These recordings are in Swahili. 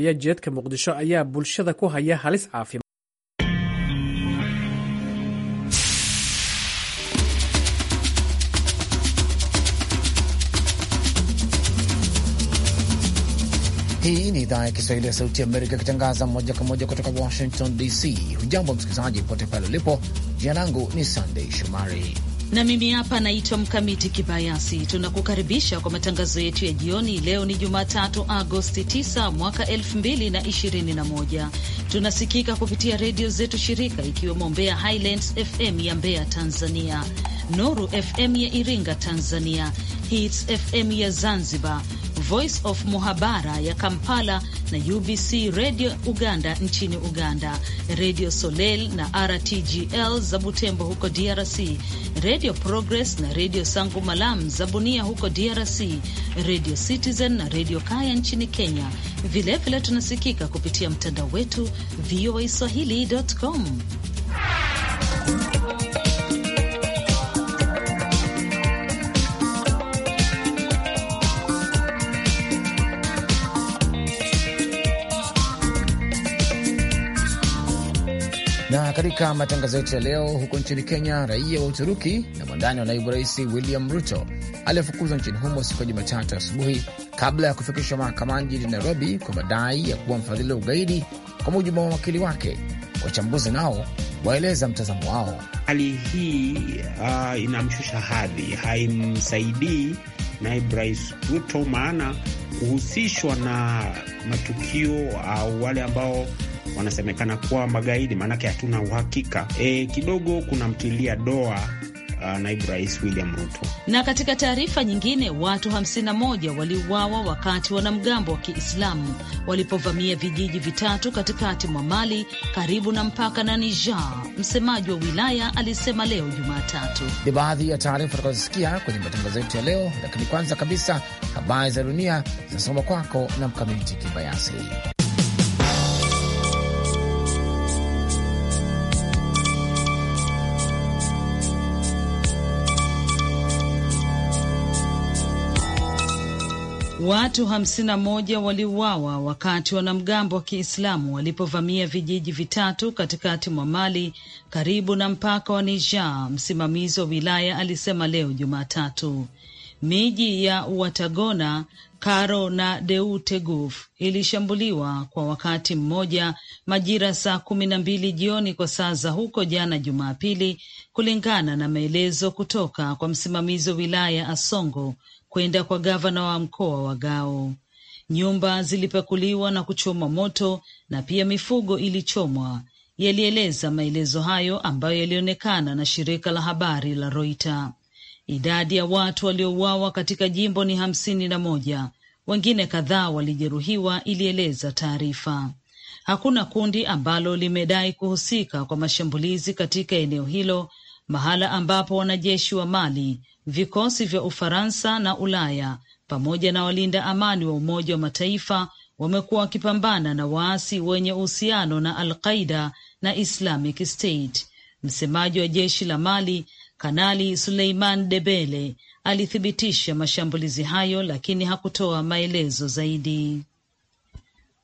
ayaa jeedka muqdisho ayaa bulshada ku haya halis caafimaad Hii ni idhaa ya Kiswahili ya Sauti Amerika ikitangaza moja kwa moja kutoka Washington DC. Hujambo msikilizaji pote pale ulipo. Jina langu ni Sandei Shomari na mimi hapa naitwa Mkamiti Kibayasi. Tunakukaribisha kwa matangazo yetu ya jioni. Leo ni Jumatatu, Agosti 9 mwaka 2021. Tunasikika kupitia redio zetu shirika, ikiwemo Mbeya Highlands FM ya Mbeya Tanzania, Noru FM ya Iringa Tanzania, Hits FM ya Zanzibar, Voice of Muhabara ya Kampala na UBC Radio Uganda nchini Uganda, Radio Soleil na RTGL za Butembo huko DRC, Radio Progress na Radio Sangu Malam za Bunia huko DRC, Radio Citizen na Radio Kaya nchini Kenya. Vilevile vile tunasikika kupitia mtandao wetu voa Swahili.com. katika matangazo yetu ya leo, huko nchini Kenya, raia wa Uturuki na mwandani wa naibu rais William Ruto aliyefukuzwa nchini humo siku ya Jumatatu asubuhi kabla ya kufikishwa mahakamani jijini Nairobi kwa madai ya kuwa mfadhili wa ugaidi, kwa mujibu wa wakili wake. Wachambuzi nao waeleza mtazamo wao. Hali hii uh, inamshusha hadhi, haimsaidii naibu rais Ruto, maana kuhusishwa na matukio au uh, wale ambao wanasemekana kuwa magaidi, maanake hatuna uhakika e, kidogo kunamtilia doa naibu rais William Ruto. Na katika taarifa nyingine, watu 51 waliuawa wakati wanamgambo wa Kiislamu walipovamia vijiji vitatu katikati mwa Mali karibu na mpaka na Niger. Msemaji wa wilaya alisema leo Jumatatu. Ni baadhi ya taarifa tutakazosikia kwenye matangazo yetu ya leo, lakini kwanza kabisa habari za dunia zinasoma kwako na Mkamiti Kibayasi. Watu hamsina moja waliuawa wakati wanamgambo wa Kiislamu walipovamia vijiji vitatu katikati mwa Mali karibu na mpaka wa Niger, msimamizi wa wilaya alisema leo Jumatatu. Miji ya Watagona, Karo na deu ilishambuliwa kwa wakati mmoja majira saa kumi na mbili jioni kwa saa za huko jana Jumapili, kulingana na maelezo kutoka kwa msimamizi wa wilaya Asongo kwenda kwa gavana wa mkoa wa Gao. Nyumba zilipekuliwa na kuchoma moto na pia mifugo ilichomwa, yalieleza maelezo hayo ambayo yalionekana na shirika la habari la roita Idadi ya watu waliouawa katika jimbo ni hamsini na moja, wengine kadhaa walijeruhiwa, ilieleza taarifa. Hakuna kundi ambalo limedai kuhusika kwa mashambulizi katika eneo hilo, mahala ambapo wanajeshi wa Mali vikosi vya Ufaransa na Ulaya pamoja na walinda amani wa Umoja wa Mataifa wamekuwa wakipambana na waasi wenye uhusiano na Al-Qaida na Islamic State. Msemaji wa jeshi la Mali, Kanali Suleiman Debele, alithibitisha mashambulizi hayo lakini hakutoa maelezo zaidi.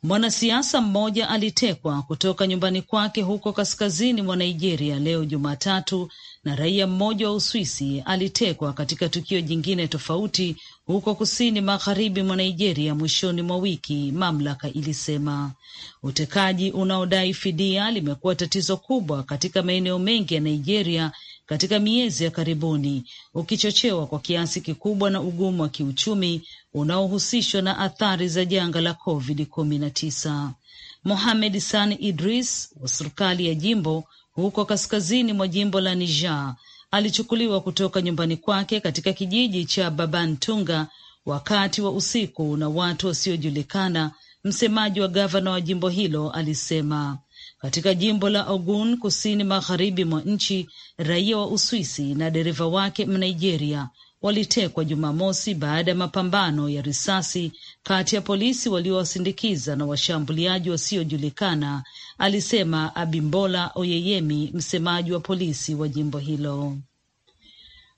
Mwanasiasa mmoja alitekwa kutoka nyumbani kwake huko kaskazini mwa Nigeria leo Jumatatu na raia mmoja wa Uswisi alitekwa katika tukio jingine tofauti huko kusini magharibi mwa Nigeria mwishoni mwa wiki, mamlaka ilisema. Utekaji unaodai fidia limekuwa tatizo kubwa katika maeneo mengi ya Nigeria katika miezi ya karibuni, ukichochewa kwa kiasi kikubwa na ugumu wa kiuchumi unaohusishwa na athari za janga la COVID-19. Mohamed san Idris wa serikali ya jimbo huko kaskazini mwa jimbo la Niger. Alichukuliwa kutoka nyumbani kwake katika kijiji cha Babantunga wakati wa usiku na watu wasiojulikana, msemaji wa gavana wa jimbo hilo alisema. Katika jimbo la Ogun kusini magharibi mwa nchi, raia wa Uswisi na dereva wake Mnigeria walitekwa Jumamosi baada ya mapambano ya risasi kati ya polisi waliowasindikiza na washambuliaji wasiojulikana, alisema Abimbola Oyeyemi, msemaji wa polisi wa jimbo hilo.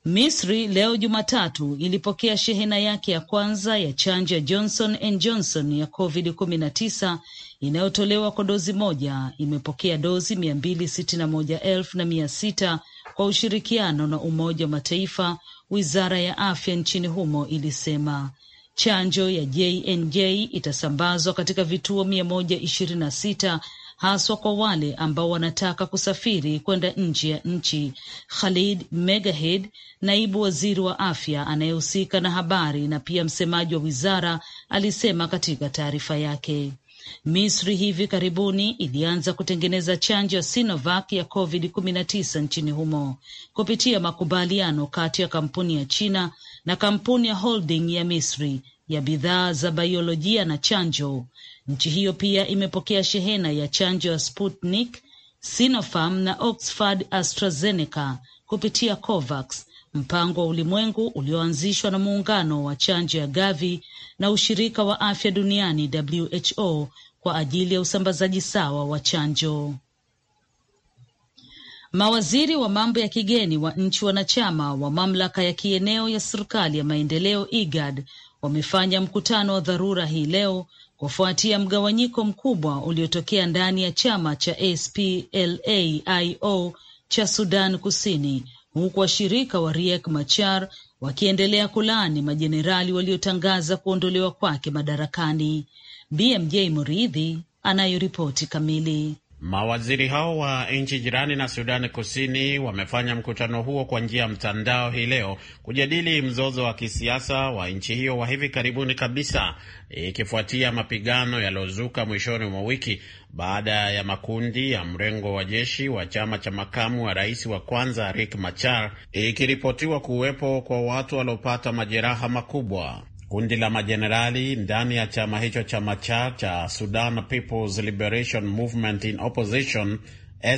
Misri leo Jumatatu ilipokea shehena yake ya kwanza ya chanjo ya Johnson and Johnson ya COVID-19 inayotolewa kwa dozi moja. Imepokea dozi mia mbili sitini na moja elfu na mia sita kwa ushirikiano na Umoja wa Mataifa. Wizara ya afya nchini humo ilisema chanjo ya JNJ itasambazwa katika vituo mia moja ishirini na sita haswa kwa wale ambao wanataka kusafiri kwenda nje ya nchi. Khalid Megahed, naibu waziri wa afya anayehusika na habari na pia msemaji wa wizara, alisema katika taarifa yake. Misri hivi karibuni ilianza kutengeneza chanjo ya Sinovac ya Covid 19 nchini humo kupitia makubaliano kati ya kampuni ya China na kampuni ya Holding ya Misri ya bidhaa za biolojia na chanjo. Nchi hiyo pia imepokea shehena ya chanjo ya Sputnik, Sinopharm na Oxford AstraZeneca kupitia COVAX, mpango wa ulimwengu ulioanzishwa na muungano wa chanjo ya Gavi na Ushirika wa Afya Duniani WHO kwa ajili ya usambazaji sawa wa chanjo. Mawaziri wa mambo ya kigeni wa nchi wanachama wa mamlaka ya kieneo ya serikali ya maendeleo IGAD wamefanya mkutano wa dharura hii leo kufuatia mgawanyiko mkubwa uliotokea ndani ya chama cha SPLAIO cha Sudan Kusini, huku washirika wa Riek Machar wakiendelea kulaani majenerali waliotangaza kuondolewa kwake madarakani. BMJ Muridhi anayoripoti kamili. Mawaziri hao wa nchi jirani na Sudani Kusini wamefanya mkutano huo kwa njia ya mtandao hii leo kujadili mzozo wa kisiasa wa nchi hiyo wa hivi karibuni kabisa, ikifuatia mapigano yaliyozuka mwishoni mwa wiki baada ya makundi ya mrengo wa jeshi wa chama cha makamu wa rais wa kwanza Riek Machar ikiripotiwa kuwepo kwa watu waliopata majeraha makubwa. Kundi la majenerali ndani ya chama hicho cha Machar cha Sudan People's Liberation Movement in Opposition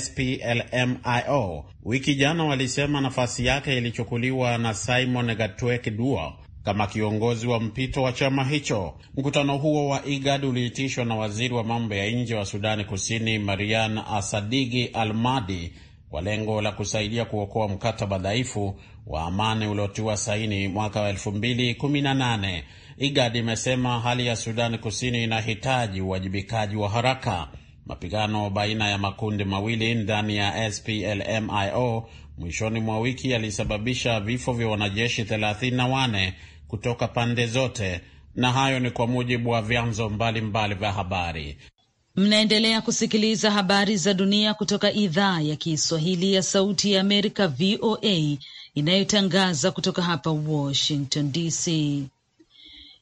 SPLMIO wiki jana walisema nafasi yake ilichukuliwa na Simon Gatwek Duo kama kiongozi wa mpito wa chama hicho. Mkutano huo wa IGAD uliitishwa na waziri wa mambo ya nje wa Sudani Kusini Marian Asadigi Almadi kwa lengo la kusaidia kuokoa mkataba dhaifu wa amani uliotiwa saini mwaka wa 2018. IGAD imesema hali ya Sudani Kusini inahitaji uwajibikaji wa haraka. Mapigano baina ya makundi mawili ndani ya SPLMIO mwishoni mwa wiki yalisababisha vifo vya wanajeshi 34 kutoka pande zote, na hayo ni kwa mujibu wa vyanzo mbalimbali vya habari. Mnaendelea kusikiliza habari za dunia kutoka idhaa ya Kiswahili ya Sauti ya Amerika, VOA, inayotangaza kutoka hapa Washington DC.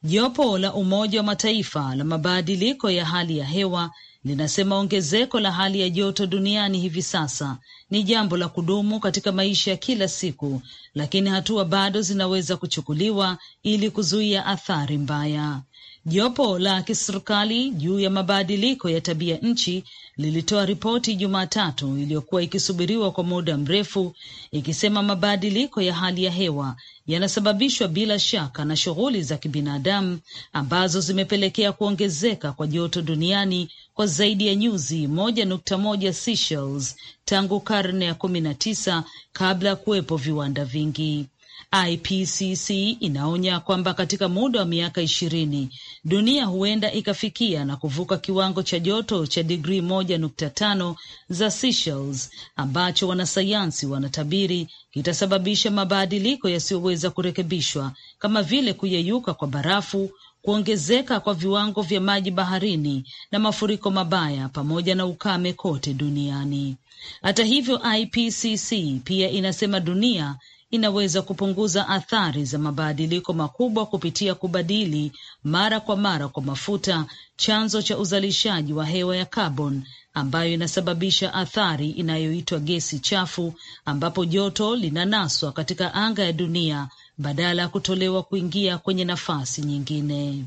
Jopo la Umoja wa Mataifa la mabadiliko ya hali ya hewa linasema ongezeko la hali ya joto duniani hivi sasa ni jambo la kudumu katika maisha ya kila siku, lakini hatua bado zinaweza kuchukuliwa ili kuzuia athari mbaya. Jopo la kiserikali juu ya mabadiliko ya tabia nchi lilitoa ripoti Jumatatu iliyokuwa ikisubiriwa kwa muda mrefu ikisema mabadiliko ya hali ya hewa yanasababishwa bila shaka na shughuli za kibinadamu ambazo zimepelekea kuongezeka kwa joto duniani kwa zaidi ya nyuzi moja nukta moja Celsius tangu karne ya kumi na tisa kabla ya kuwepo viwanda vingi. IPCC inaonya kwamba katika muda wa miaka ishirini dunia huenda ikafikia na kuvuka kiwango cha joto cha digrii moja nukta tano za Celsius ambacho wanasayansi wanatabiri kitasababisha mabadiliko yasiyoweza kurekebishwa kama vile kuyeyuka kwa barafu, kuongezeka kwa viwango vya maji baharini na mafuriko mabaya pamoja na ukame kote duniani. Hata hivyo, IPCC pia inasema dunia inaweza kupunguza athari za mabadiliko makubwa kupitia kubadili mara kwa mara kwa mafuta, chanzo cha uzalishaji wa hewa ya kaboni ambayo inasababisha athari inayoitwa gesi chafu, ambapo joto linanaswa katika anga ya dunia badala ya kutolewa kuingia kwenye nafasi nyingine.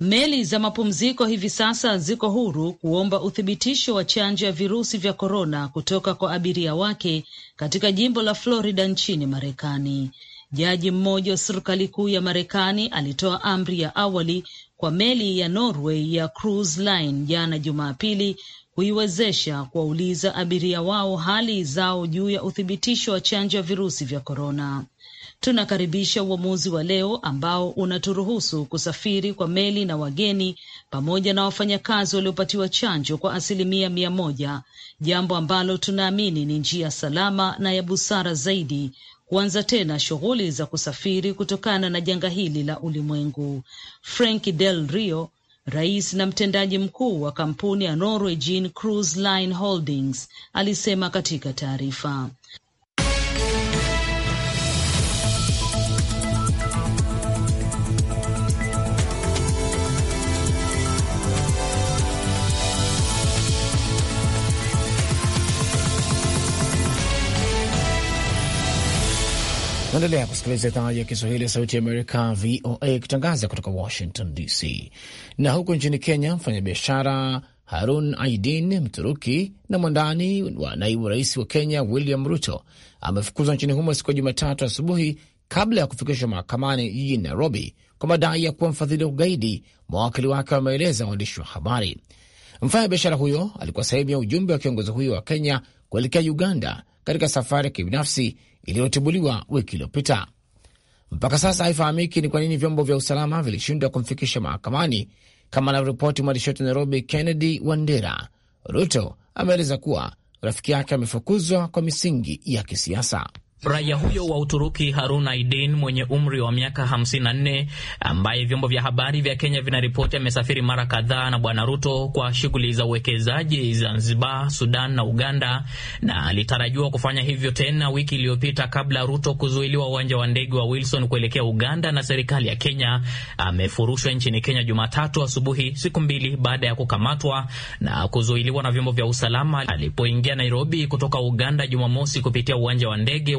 Meli za mapumziko hivi sasa ziko huru kuomba uthibitisho wa chanjo ya virusi vya korona kutoka kwa abiria wake katika jimbo la Florida nchini Marekani. Jaji mmoja wa serikali kuu ya Marekani alitoa amri ya awali kwa meli ya Norway ya Cruise Line jana Jumapili kuiwezesha kuwauliza abiria wao hali zao juu ya uthibitisho wa chanjo ya virusi vya korona tunakaribisha uamuzi wa leo ambao unaturuhusu kusafiri kwa meli na wageni pamoja na wafanyakazi waliopatiwa chanjo kwa asilimia mia moja, jambo ambalo tunaamini ni njia salama na ya busara zaidi kuanza tena shughuli za kusafiri kutokana na janga hili la ulimwengu. Frank Del Rio, rais na mtendaji mkuu wa kampuni ya Norwegian Cruise Line Holdings, alisema katika taarifa. Naendelea kusikiliza idhaa ya Kiswahili ya Sauti ya Amerika, VOA, ikitangaza kutoka Washington DC. Na huko nchini Kenya, mfanyabiashara Harun Aidin, Mturuki na mwandani wa naibu rais wa Kenya William Ruto, amefukuzwa nchini humo siku ya Jumatatu asubuhi kabla ya kufikishwa mahakamani jijini Nairobi kwa madai ya kuwa mfadhili wa ugaidi, mawakili wake wameeleza waandishi wa habari. Mfanya biashara huyo alikuwa sehemu ya ujumbe wa kiongozi huyo wa Kenya kuelekea Uganda katika safari ya kibinafsi iliyotibuliwa wiki iliyopita. Mpaka sasa haifahamiki ni kwa nini vyombo vya usalama vilishindwa kumfikisha mahakamani, kama anavyoripoti mwandishi wetu Nairobi, Kennedy Wandera. Ruto ameeleza kuwa rafiki yake amefukuzwa kwa misingi ya kisiasa. Raia huyo wa Uturuki Harun Aidin mwenye umri wa miaka 54 ambaye vyombo vya habari vya Kenya vinaripoti amesafiri mara kadhaa na Bwana Ruto kwa shughuli za uwekezaji Zanzibar, Sudan na Uganda, na alitarajiwa kufanya hivyo tena wiki iliyopita kabla Ruto kuzuiliwa uwanja wa ndege wa Wilson kuelekea Uganda na serikali ya Kenya. Amefurushwa nchini Kenya Jumatatu asubuhi, siku mbili baada ya kukamatwa na kuzuiliwa na vyombo vya usalama alipoingia Nairobi kutoka Uganda Jumamosi kupitia uwanja wa ndege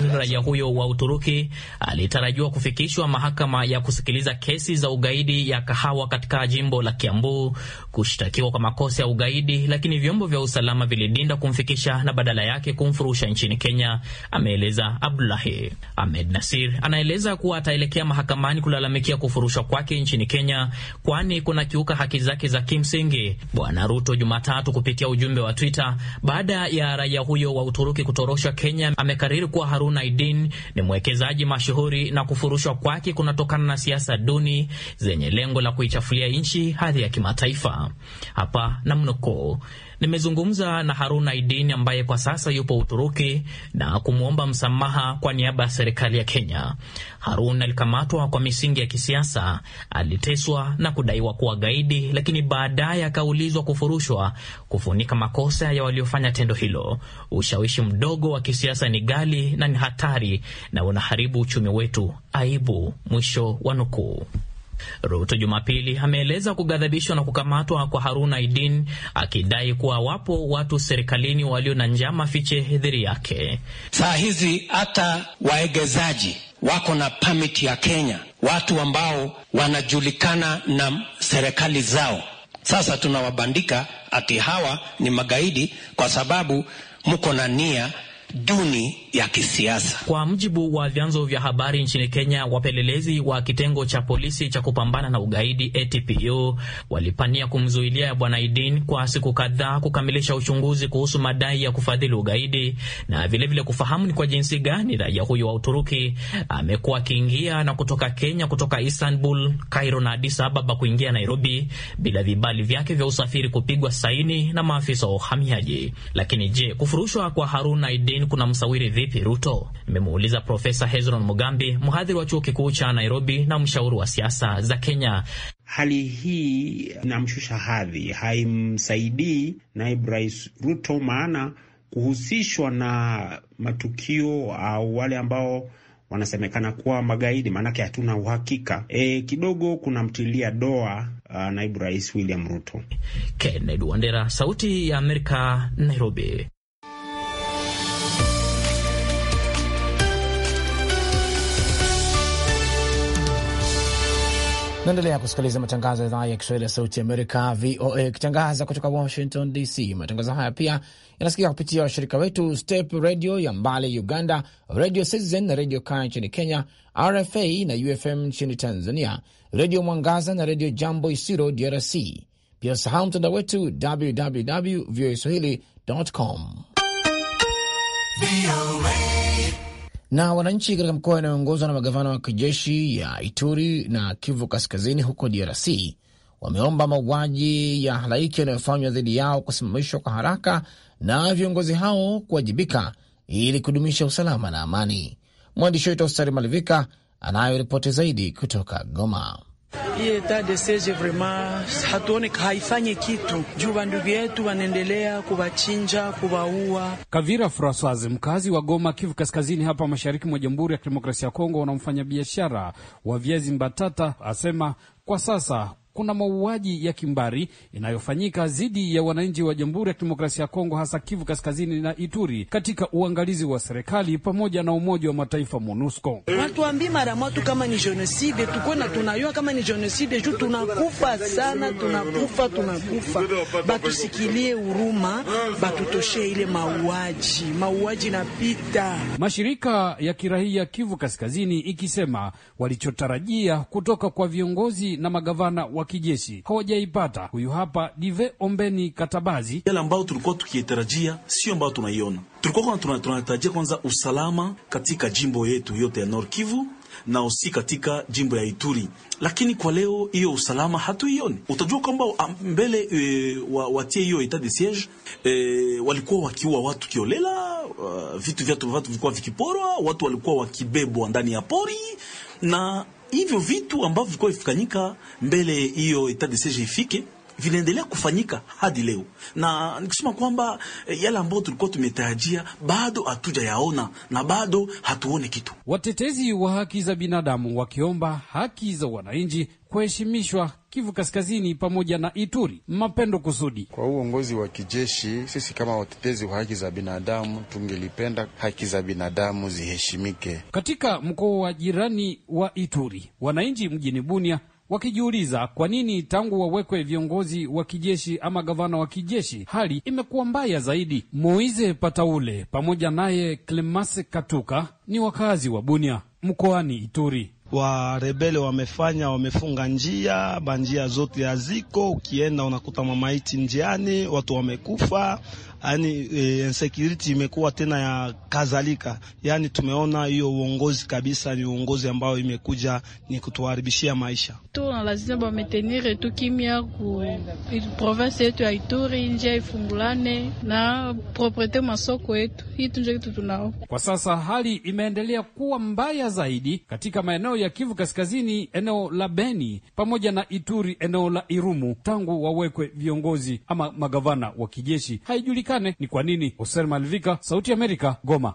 Raia huyo wa Uturuki alitarajiwa kufikishwa mahakama ya kusikiliza kesi za ugaidi ya Kahawa katika jimbo la Kiambu kushtakiwa kwa makosa ya ugaidi, lakini vyombo vya usalama vilidinda kumfikisha na badala yake kumfurusha nchini Kenya, ameeleza Abdulahi Ahmed Nasir. Anaeleza kuwa ataelekea mahakamani kulalamikia kufurushwa kwake nchini Kenya, kwani kuna kiuka haki zake za kimsingi. Bwana Ruto Jumatatu kupitia ujumbe wa Twitter baada ya raia huyo wa Uturuki kutorosha Kenya amekariri kuwa Harunaiddin ni mwekezaji mashuhuri na kufurushwa kwake kunatokana na siasa duni zenye lengo la kuichafulia nchi hadhi ya kimataifa. Hapa namnukuu: Nimezungumza na Harun Aidin ambaye kwa sasa yupo Uturuki na kumwomba msamaha kwa niaba ya serikali ya Kenya. Harun alikamatwa kwa misingi ya kisiasa, aliteswa na kudaiwa kuwa gaidi, lakini baadaye akaulizwa kufurushwa kufunika makosa ya waliofanya tendo hilo. Ushawishi mdogo wa kisiasa ni gali na ni hatari na unaharibu uchumi wetu. Aibu. Mwisho wa nukuu. Ruto Jumapili ameeleza kughadhabishwa na kukamatwa kwa Haruna Idin akidai kuwa wapo watu serikalini walio na njama fiche hedhiri yake. Saa hizi hata waegezaji wako na pamiti ya Kenya, watu ambao wanajulikana na serikali zao. Sasa tunawabandika ati hawa ni magaidi kwa sababu mko na nia duni ya kisiasa. Kwa mujibu wa vyanzo vya habari nchini Kenya, wapelelezi wa kitengo cha polisi cha kupambana na ugaidi ATPU walipania kumzuilia Bwana Idin kwa siku kadhaa kukamilisha uchunguzi kuhusu madai ya kufadhili ugaidi na vilevile vile kufahamu ni kwa jinsi gani raia huyo wa Uturuki amekuwa akiingia na kutoka Kenya kutoka Istanbul, Cairo na Addis Ababa kuingia Nairobi bila vibali vyake vya usafiri kupigwa saini na maafisa wa uhamiaji. Lakini je, kufurushwa kwa Harun Aidin kuna msawiri vipi Ruto? Nimemuuliza Profesa Hezron Mugambi, mhadhiri wa chuo kikuu cha Nairobi na mshauri wa siasa za Kenya. Hali hii inamshusha hadhi, haimsaidii naibu rais Ruto, maana kuhusishwa na matukio au wale ambao wanasemekana kuwa magaidi, maanake hatuna uhakika e, kidogo kunamtilia doa uh, naibu rais William Ruto. Kennedy Wandera, Sauti ya Amerika, Nairobi. Naendelea kusikiliza matangazo ya idhaa ya Kiswahili ya Sauti Amerika, VOA, ikitangaza kutoka Washington DC. Matangazo haya pia yanasikika kupitia washirika wetu Step Radio ya Mbale Uganda, Radio Citizen na Radio Kaya nchini Kenya, RFA na UFM nchini Tanzania, Redio Mwangaza na Redio Jambo Isiro DRC. Pia usahau mtandao wetu www voa swahili com. Na wananchi katika mkoa inayoongozwa na magavana wa kijeshi ya Ituri na Kivu Kaskazini huko DRC wameomba mauaji ya halaiki yanayofanywa dhidi yao kusimamishwa kwa haraka na viongozi hao kuwajibika ili kudumisha usalama na amani. Mwandishi wetu ostari Malivika anayo ripoti zaidi kutoka Goma. Hii eta de siege vraiment hatuone haifanye kitu juu bandugu yetu wanaendelea kuwachinja, kuwaua. Kavira Francois, mkazi wa Goma, Kivu Kaskazini, hapa mashariki mwa Jamhuri ya Kidemokrasia ya Kongo, na biashara wa viazi mbatata, asema kwa sasa kuna mauaji ya kimbari inayofanyika dhidi ya wananchi wa Jamhuri ya Kidemokrasia ya Kongo, hasa Kivu Kaskazini na Ituri, katika uangalizi wa serikali pamoja na Umoja wa Mataifa MONUSCO. Watuambi mara moja kama ni genocide, tukona tunayua kama ni genocide juu tunakufa sana, tunakufa tunakufa. Batusikilie huruma, batutoshe ile mauaji, mauaji napita. Mashirika ya kirahia Kivu Kaskazini ikisema walichotarajia kutoka kwa viongozi na magavana wa kijeshi hawajaipata. Huyu hapa Dive Ombeni Katabazi. Yale ambayo tulikuwa tukietarajia sio ambayo tunaiona. Tulikuwa tunatarajia kwanza usalama katika jimbo yetu yote ya North Kivu na usi katika jimbo ya Ituri, lakini kwa leo hiyo usalama hatuioni. Utajua kwamba ah, mbele e, watie hiyo etat de siege e, walikuwa wakiua watu kiolela, uh, vitu vyatu, vatu vilikuwa vikiporwa, watu walikuwa wakibebwa ndani ya pori na hivyo vitu ambavyo vilikuwa vifanyika mbele hiyo etat de siege ifike vinaendelea kufanyika hadi leo, na nikisema kwamba eh, yale ambayo tulikuwa tumetarajia bado hatujayaona na bado hatuone kitu. Watetezi wa haki za binadamu wakiomba haki za wananchi kuheshimishwa Kivu Kaskazini pamoja na Ituri. Mapendo Kusudi: kwa uongozi wa kijeshi, sisi kama watetezi wa haki za binadamu tungelipenda haki za binadamu ziheshimike. Katika mkoa wa jirani wa Ituri, wananchi mjini Bunia wakijiuliza kwa nini tangu wawekwe viongozi wa kijeshi ama gavana wa kijeshi hali imekuwa mbaya zaidi. Moise Pataule pamoja naye Clemase Katuka ni wakazi wa Bunia mkoani Ituri warebele wamefanya, wamefunga njia, banjia zote haziko, ukienda unakuta mamaiti njiani, watu wamekufa. Yani e, insecurity imekuwa tena ya kadhalika. Yani tumeona hiyo uongozi kabisa ni uongozi ambao imekuja ni kutuharibishia maisha tu, na lazima bametenire tu kimya ku province yetu ya Ituri, njia ifungulane na propriete masoko yetu hii tunje kitu tunao kwa sasa. Hali imeendelea kuwa mbaya zaidi katika maeneo maeneo ya Kivu Kaskazini, eneo la Beni pamoja na Ituri, eneo la Irumu, tangu wawekwe viongozi ama magavana wa kijeshi haijulikane ni kwa nini. Hoser Malvika, Sauti Amerika, Goma.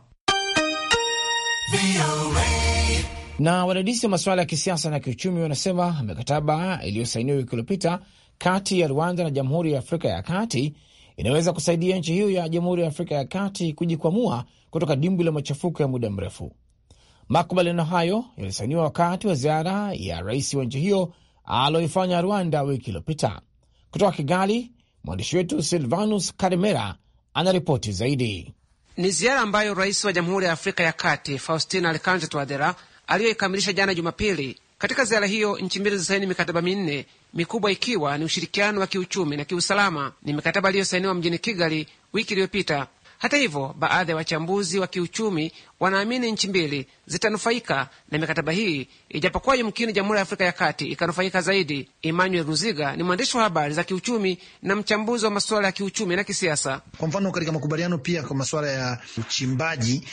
Na wadadisi wa masuala ya kisiasa na kiuchumi wanasema mikataba iliyosainiwa wiki iliyopita kati ya Rwanda na Jamhuri ya Afrika ya Kati inaweza kusaidia nchi hiyo ya Jamhuri ya Afrika ya Kati kujikwamua kutoka dimbwi la machafuko ya muda mrefu. Makubaliano hayo yalisainiwa wakati wa ziara ya rais wa nchi hiyo aliyoifanya Rwanda wiki iliyopita. Kutoka Kigali, mwandishi wetu Silvanus ana anaripoti zaidi. Ni ziara ambayo rais wa Jamhuri ya Afrika ya Kati Faustin Archange Touadera aliyoikamilisha jana Jumapili. Katika ziara hiyo nchi mbili zilisaini mikataba minne mikubwa, ikiwa ni ushirikiano wa kiuchumi na kiusalama. Ni mikataba iliyosainiwa mjini Kigali wiki iliyopita hata hivyo, baadhi ya wachambuzi wa kiuchumi wanaamini nchi mbili zitanufaika na mikataba hii, ijapokuwa yumkini Jamhuri ya Afrika ya Kati ikanufaika zaidi. Emmanuel Ruziga ni mwandishi wa habari za kiuchumi na mchambuzi wa masuala ya kiuchumi na kisiasa. Kwa mfano, katika makubaliano pia kwa masuala ya uchimbaji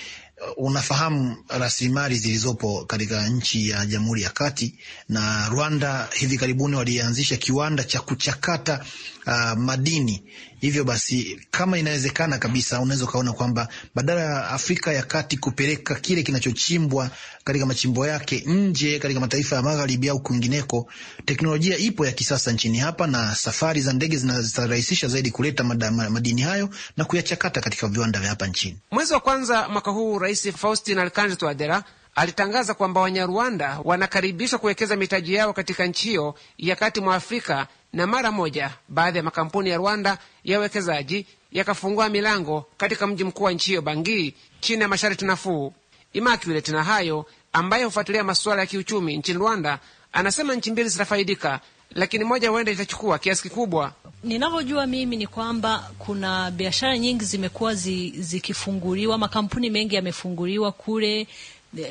uh, unafahamu rasilimali zilizopo katika nchi ya Jamhuri ya Kati na Rwanda. Hivi karibuni walianzisha kiwanda cha kuchakata uh, madini Hivyo basi, kama inawezekana kabisa, unaweza ukaona kwamba badala ya Afrika ya Kati kupeleka kile kinachochimbwa katika machimbo yake nje katika mataifa ya magharibi au kwingineko, teknolojia ipo ya kisasa nchini hapa, na safari za ndege zinarahisisha zaidi kuleta madini hayo na kuyachakata katika viwanda vya hapa nchini. Mwezi wa kwanza mwaka huu, Rais Faustin Alkanje Twadera alitangaza kwamba Wanyarwanda wanakaribishwa kuwekeza mitaji yao katika nchi hiyo ya kati mwa Afrika na mara moja baadhi ya makampuni ya Rwanda ya uwekezaji yakafungua milango katika mji mkuu wa nchi hiyo Bangi, chini ya masharti nafuu. Immaculate na hayo ambaye hufuatilia masuala ya kiuchumi nchini Rwanda anasema nchi mbili zitafaidika, lakini moja huenda itachukua kiasi kikubwa. Ninavyojua mimi ni kwamba kuna biashara nyingi zimekuwa zi, zikifunguliwa, makampuni mengi yamefunguliwa kule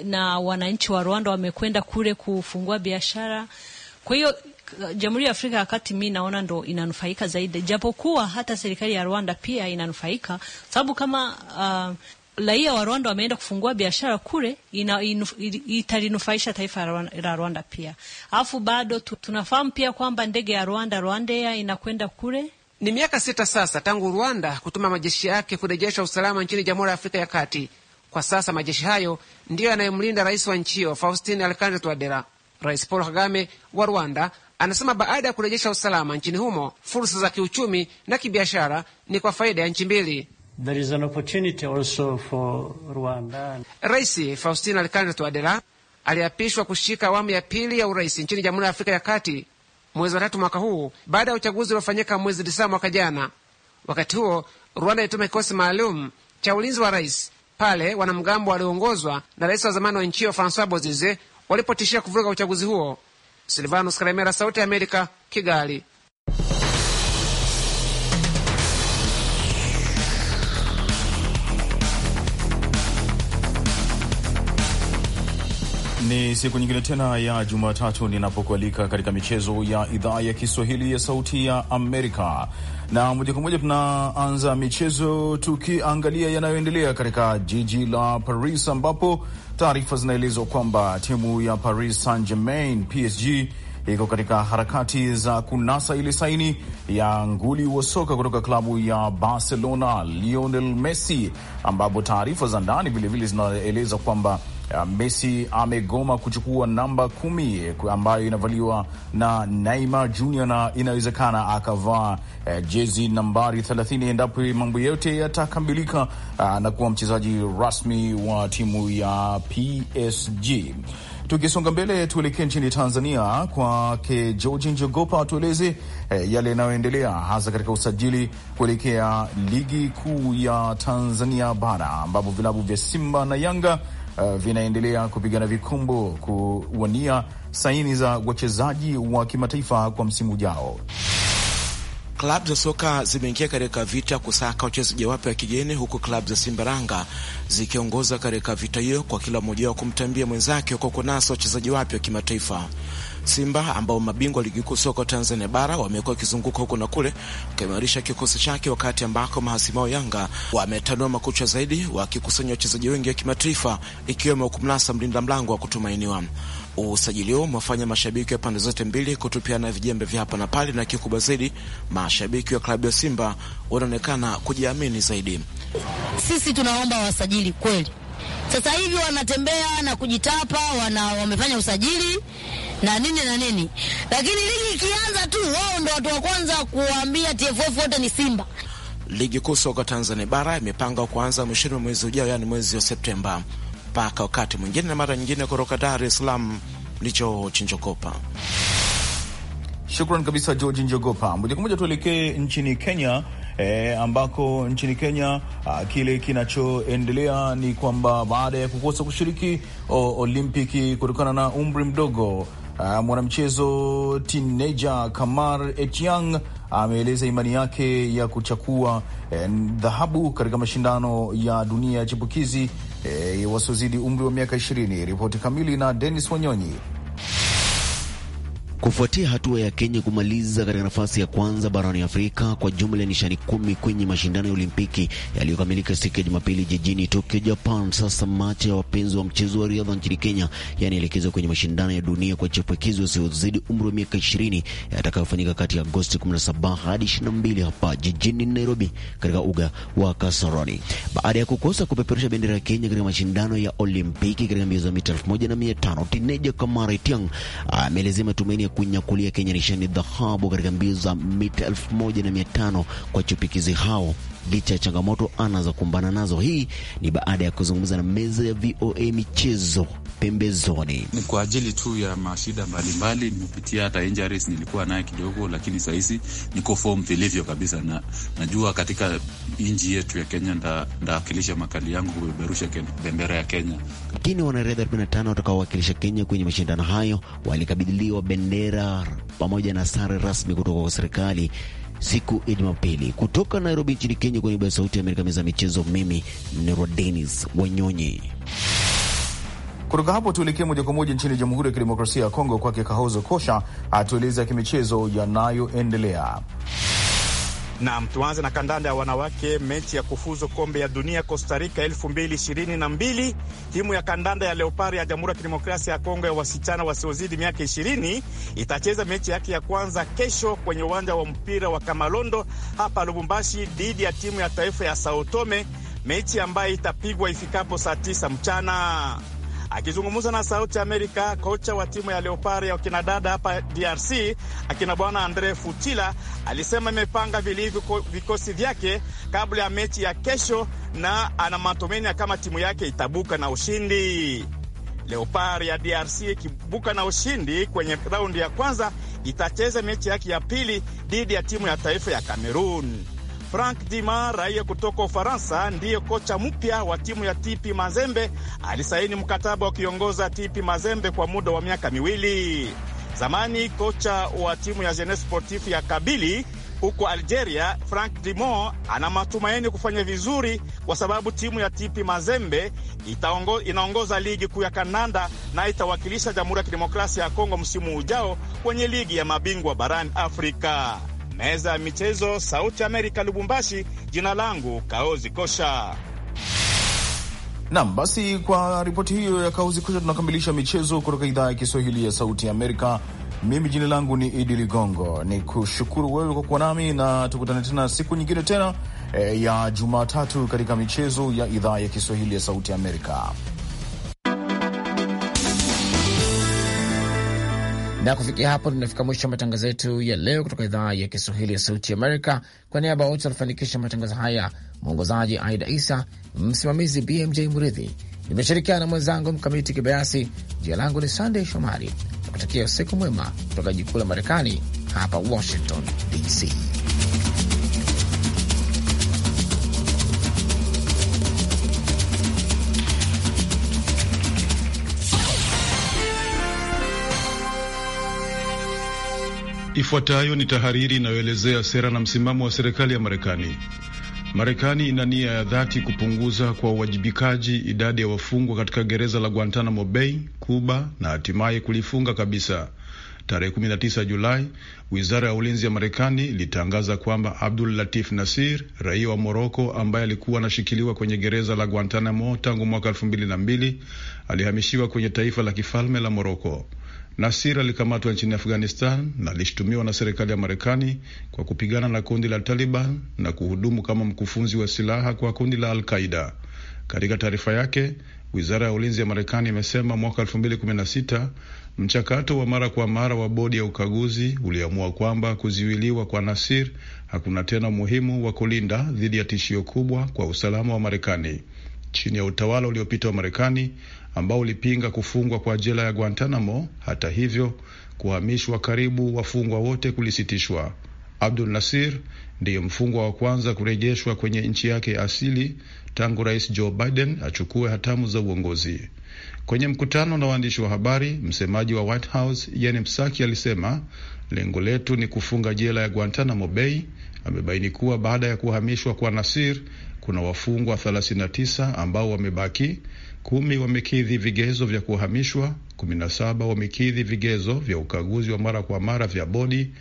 na wananchi wa Rwanda wamekwenda kule kufungua biashara, kwa hiyo Jamhuri ya Afrika ya Kati mi naona ndo inanufaika zaidi, japokuwa hata serikali ya Rwanda pia inanufaika, sababu kama uh, raia uh, wa Rwanda wameenda kufungua biashara kule, italinufaisha taifa la Rwanda pia. Alafu bado tu, tunafahamu pia kwamba ndege ya Rwanda Rwandea inakwenda kule. Ni miaka sita sasa tangu Rwanda kutuma majeshi yake kurejesha usalama nchini Jamhuri ya Afrika ya Kati. Kwa sasa majeshi hayo ndiyo yanayomlinda rais wa nchi hiyo Faustin Archange Touadera. Rais Paul Kagame wa Rwanda Anasema baada ya kurejesha usalama nchini humo, fursa za kiuchumi na kibiashara ni kwa faida ya nchi mbili. Rais Faustin alcandre Touadera aliapishwa kushika awamu ya pili ya urais nchini Jamhuri ya Afrika ya Kati mwezi wa tatu mwaka huu baada ya uchaguzi uliofanyika mwezi Disemba mwaka jana. Wakati huo Rwanda ilituma kikosi maalum cha ulinzi wa rais pale wanamgambo walioongozwa na rais wa zamani wa nchi hiyo Francois Bozize walipotishia kuvuruga uchaguzi huo. Silvanus Karemera, Sauti ya Amerika, Kigali. Ni siku nyingine tena ya Jumatatu ninapokualika katika michezo ya idhaa ya Kiswahili ya Sauti ya Amerika, na moja kwa moja tunaanza michezo tukiangalia yanayoendelea katika jiji la Paris ambapo Taarifa zinaelezwa kwamba timu ya Paris Saint Germain, PSG, iko katika harakati za kunasa ile saini ya nguli wa soka kutoka klabu ya Barcelona Lionel Messi, ambapo taarifa za ndani vilevile zinaeleza kwamba Uh, Messi amegoma kuchukua namba kumi eh, ambayo inavaliwa na Neymar Jr na inawezekana akavaa eh, jezi nambari 30 endapo mambo yote yatakamilika, ah, na kuwa mchezaji rasmi wa timu ya PSG. Tukisonga mbele tuelekee nchini Tanzania kwake George Njogopa atueleze eh, yale yanayoendelea hasa katika usajili kuelekea ligi kuu ya Tanzania bara ambapo vilabu vya Simba na Yanga uh, vinaendelea kupigana vikumbo kuwania saini za wachezaji wa kimataifa kwa msimu ujao. Klabu za soka zimeingia katika vita kusaka wachezaji wapya wa kigeni, huku klabu za Simbaranga zikiongoza katika vita hiyo kwa kila mmoja wao kumtambia mwenzake kwa kunasa wachezaji wapya wa kimataifa. Simba ambao mabingwa ligi kuu soka Tanzania bara wamekuwa wakizunguka huku na kule kuimarisha kikosi chake, wakati ambako mahasimao Yanga wametanua makucha zaidi, wakikusanya wachezaji wengi wa kimataifa, ikiwemo kumnasa mlinda mlango wa kutumainiwa. Usajili huo umefanya mashabiki wa pande zote mbili kutupiana vijembe vya hapa na pale, na kikubwa zaidi, mashabiki wa klabu ya Simba wanaonekana kujiamini zaidi. Sisi tunaomba wasajili kweli, sasa hivi wanatembea na kujitapa wana, wamefanya usajili na nini na nini, lakini ligi ikianza tu wao ndo watu wa kwanza kuambia TFF wote ni Simba. Ligi kuu soka Tanzania bara imepanga kuanza mwishoni mwa mwezi ujao, yaani mwezi wa Septemba. Mpaka wakati mwingine na mara nyingine, kutoka Dar es Salaam ndicho Chinjokopa. Shukran kabisa George Njogopa. Moja kwa moja tuelekee nchini Kenya eh, ambako nchini Kenya ah, kile kinachoendelea ni kwamba baada ya kukosa kushiriki o, Olimpiki kutokana na umri mdogo Uh, mwanamchezo tineja Kamar Etiang ameeleza imani yake ya kuchakua eh, dhahabu katika mashindano ya dunia ya chipukizi eh, wasiozidi umri wa miaka 20. Ripoti kamili na denis Wanyonyi kufuatia hatua ya Kenya kumaliza katika nafasi ya kwanza barani Afrika kwa jumla ya nishani kumi kwenye mashindano ya Olimpiki yaliyokamilika siku ya Jumapili jijini Tokyo, Japan. Sasa macho ya wapenzi wa mchezo wa riadha nchini Kenya yanaelekezwa kwenye mashindano ya dunia kwa chepukizi wasiozidi umri wa miaka 20 yatakayofanyika kati ya Agosti 17 hadi 22 hapa jijini Nairobi, katika uga wa Kasarani. Baada ya kukosa kupeperusha bendera ya Kenya katika mashindano ya Olimpiki katika mbio za mita 1500, tineja Kamara Itiang ameelezea matumaini kunyakulia Kenya nishani dhahabu katika mbio za mita 1500 kwa chupikizi hao licha ya changamoto anazokumbana nazo. Hii ni baada ya kuzungumza na meza ya VOA michezo pembezoni. Ni kwa ajili tu ya mashida mbalimbali nimepitia, hata injuries nilikuwa naye kidogo, lakini sahizi niko form vilivyo kabisa, na najua katika nchi yetu ya Kenya ndawakilisha makali yangu kupeperusha bendera ya Kenya. Lakini wanariadha 45 watakaowakilisha Kenya kwenye mashindano hayo walikabidhiwa bendera pamoja na sare rasmi kutoka kwa serikali siku ya Jumapili kutoka Nairobi nchini Kenya. Kwa niaba ya Sauti ya Amerika, meza michezo, mimi ni Denis Wanyonyi. Kutoka hapo tuelekee moja kwa moja nchini Jamhuri ya Kidemokrasia ya Kongo, kwake Kahozo Kosha atueleza kimichezo yanayoendelea. Nam, tuanze na kandanda ya wanawake. Mechi ya kufuzu kombe ya dunia Costa Rica elfu mbili ishirini na mbili, timu ya kandanda ya Leopard ya Jamhuri ya Kidemokrasia ya Kongo ya wasichana wasiozidi miaka ishirini itacheza mechi yake ya kwanza kesho kwenye uwanja wa mpira wa Kamalondo hapa Lubumbashi dhidi ya timu ya taifa ya Sao Tome, mechi ambayo itapigwa ifikapo saa tisa mchana Akizungumza na Sauti Amerika, kocha wa timu ya Leopard ya wakinadada hapa DRC akina bwana Andre Futila alisema imepanga vilivyo vikosi vyake kabla ya mechi ya kesho, na ana matumaini kama timu yake itabuka na ushindi. Leopard ya DRC ikibuka na ushindi kwenye raundi ya kwanza itacheza mechi yake ya pili dhidi ya timu ya taifa ya cameron Frank Dima, raia kutoka Ufaransa, ndiye kocha mpya wa timu ya TP Mazembe. Alisaini mkataba wa kiongoza TP Mazembe kwa muda wa miaka miwili. Zamani kocha wa timu ya Jeunesse Sportif ya Kabili huko Algeria, Frank Dimo ana matumaini kufanya vizuri kwa sababu timu ya TP Mazembe itaongo, inaongoza ligi kuu ya kandanda na itawakilisha Jamhuri ya Kidemokrasia ya Kongo msimu ujao kwenye ligi ya mabingwa barani Afrika meza ya michezo, Sauti Amerika, Lubumbashi. Jina langu Kaozi Kosha. Nam, basi kwa ripoti hiyo ya Kaozi Kosha tunakamilisha michezo kutoka idhaa ya Kiswahili ya Sauti ya Amerika. Mimi jina langu ni Idi Ligongo, ni kushukuru wewe kwa kuwa nami na tukutane tena siku nyingine tena e, ya Jumatatu katika michezo ya idhaa ya Kiswahili ya Sauti Amerika. Na kufikia hapo, tunafika mwisho wa matangazo yetu ya leo kutoka idhaa ya Kiswahili ya Sauti Amerika. Kwa niaba ya wote walifanikisha matangazo haya, mwongozaji Aida Isa, msimamizi BMJ Muridhi, nimeshirikiana na mwenzangu Mkamiti Kibayasi. Jina langu ni Sandey Shomari, nakutakia usiku mwema kutoka jikuu la Marekani, hapa Washington DC. Ifuatayo ni tahariri inayoelezea sera na msimamo wa serikali ya Marekani. Marekani ina nia ya dhati kupunguza kwa uwajibikaji idadi ya wafungwa katika gereza la Guantanamo Bay, Kuba, na hatimaye kulifunga kabisa. Tarehe 19 Julai, wizara ya ulinzi ya Marekani ilitangaza kwamba Abdul Latif Nasir, raia wa Moroko ambaye alikuwa anashikiliwa kwenye gereza la Guantanamo tangu mwaka 22 alihamishiwa kwenye taifa la kifalme la Moroko. Nasir alikamatwa nchini Afghanistan na alishutumiwa na serikali ya Marekani kwa kupigana na kundi la Taliban na kuhudumu kama mkufunzi wa silaha kwa kundi la Al-Qaida. Katika taarifa yake, wizara ya ulinzi ya Marekani imesema mwaka 2016 mchakato wa mara kwa mara wa bodi ya ukaguzi uliamua kwamba kuziwiliwa kwa Nasir hakuna tena umuhimu wa kulinda dhidi ya tishio kubwa kwa usalama wa Marekani. Chini ya utawala uliopita wa Marekani, ambao ulipinga kufungwa kwa jela ya Guantanamo. Hata hivyo, kuhamishwa karibu wafungwa wote kulisitishwa. Abdul Nasir ndiye mfungwa wa kwanza kurejeshwa kwenye nchi yake ya asili tangu Rais Joe Biden achukue hatamu za uongozi. Kwenye mkutano na waandishi wa habari, msemaji wa White House Jen Psaki alisema lengo letu ni kufunga jela ya Guantanamo Bay. Amebaini kuwa baada ya kuhamishwa kwa Nasir kuna wafungwa 39 ambao wamebaki kumi wamekidhi vigezo vya kuhamishwa, kumi na saba wamekidhi vigezo vya ukaguzi wa mara kwa mara vya bodi,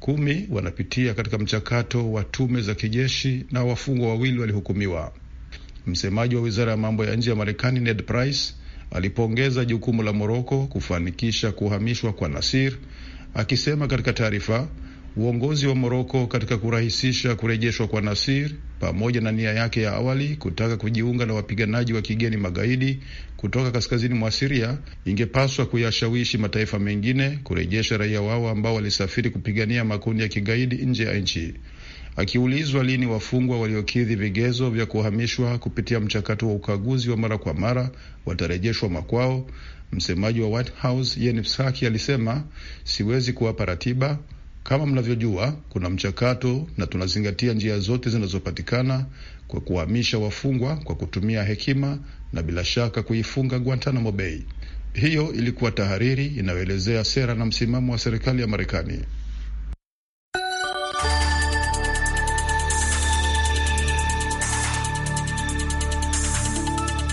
kumi wanapitia katika mchakato wa tume za kijeshi na wafungwa wawili walihukumiwa. Msemaji wa wizara ya mambo ya nje ya Marekani Ned Price alipongeza jukumu la Moroko kufanikisha kuhamishwa kwa Nasir akisema katika taarifa uongozi wa Moroko katika kurahisisha kurejeshwa kwa Nasir pamoja na nia yake ya awali kutaka kujiunga na wapiganaji wa kigeni magaidi kutoka kaskazini mwa Siria ingepaswa kuyashawishi mataifa mengine kurejesha raia wao ambao walisafiri kupigania makundi ya kigaidi nje ya nchi. Akiulizwa lini wafungwa waliokidhi vigezo vya kuhamishwa kupitia mchakato wa ukaguzi wa mara kwa mara watarejeshwa makwao, msemaji wa White House Jen Psaki alisema, siwezi kuwapa ratiba kama mnavyojua, kuna mchakato na tunazingatia njia zote zinazopatikana kwa kuhamisha wafungwa kwa kutumia hekima na bila shaka kuifunga Guantanamo Bay. Hiyo ilikuwa tahariri inayoelezea sera na msimamo wa serikali ya Marekani.